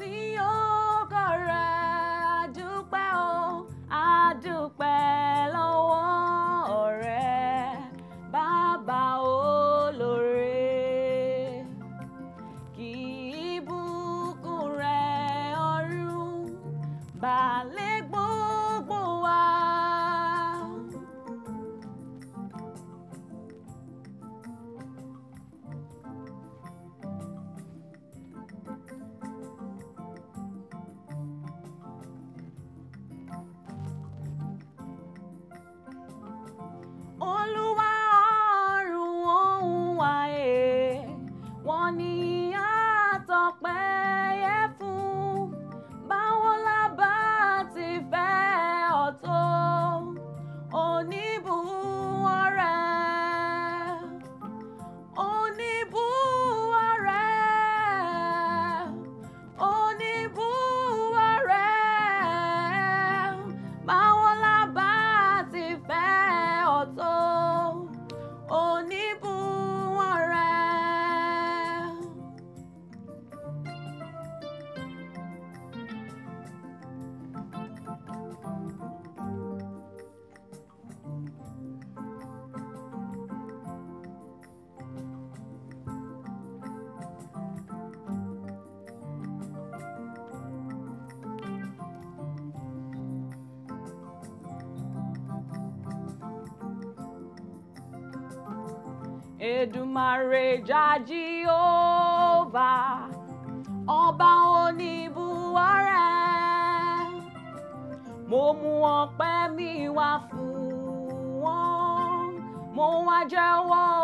see một ba Èdùmàrè Jah Jehovah ọba oníbuwọ́rẹ́ mo mú ọpẹ́ mi wá fún wọn mo wá jẹ́wọ́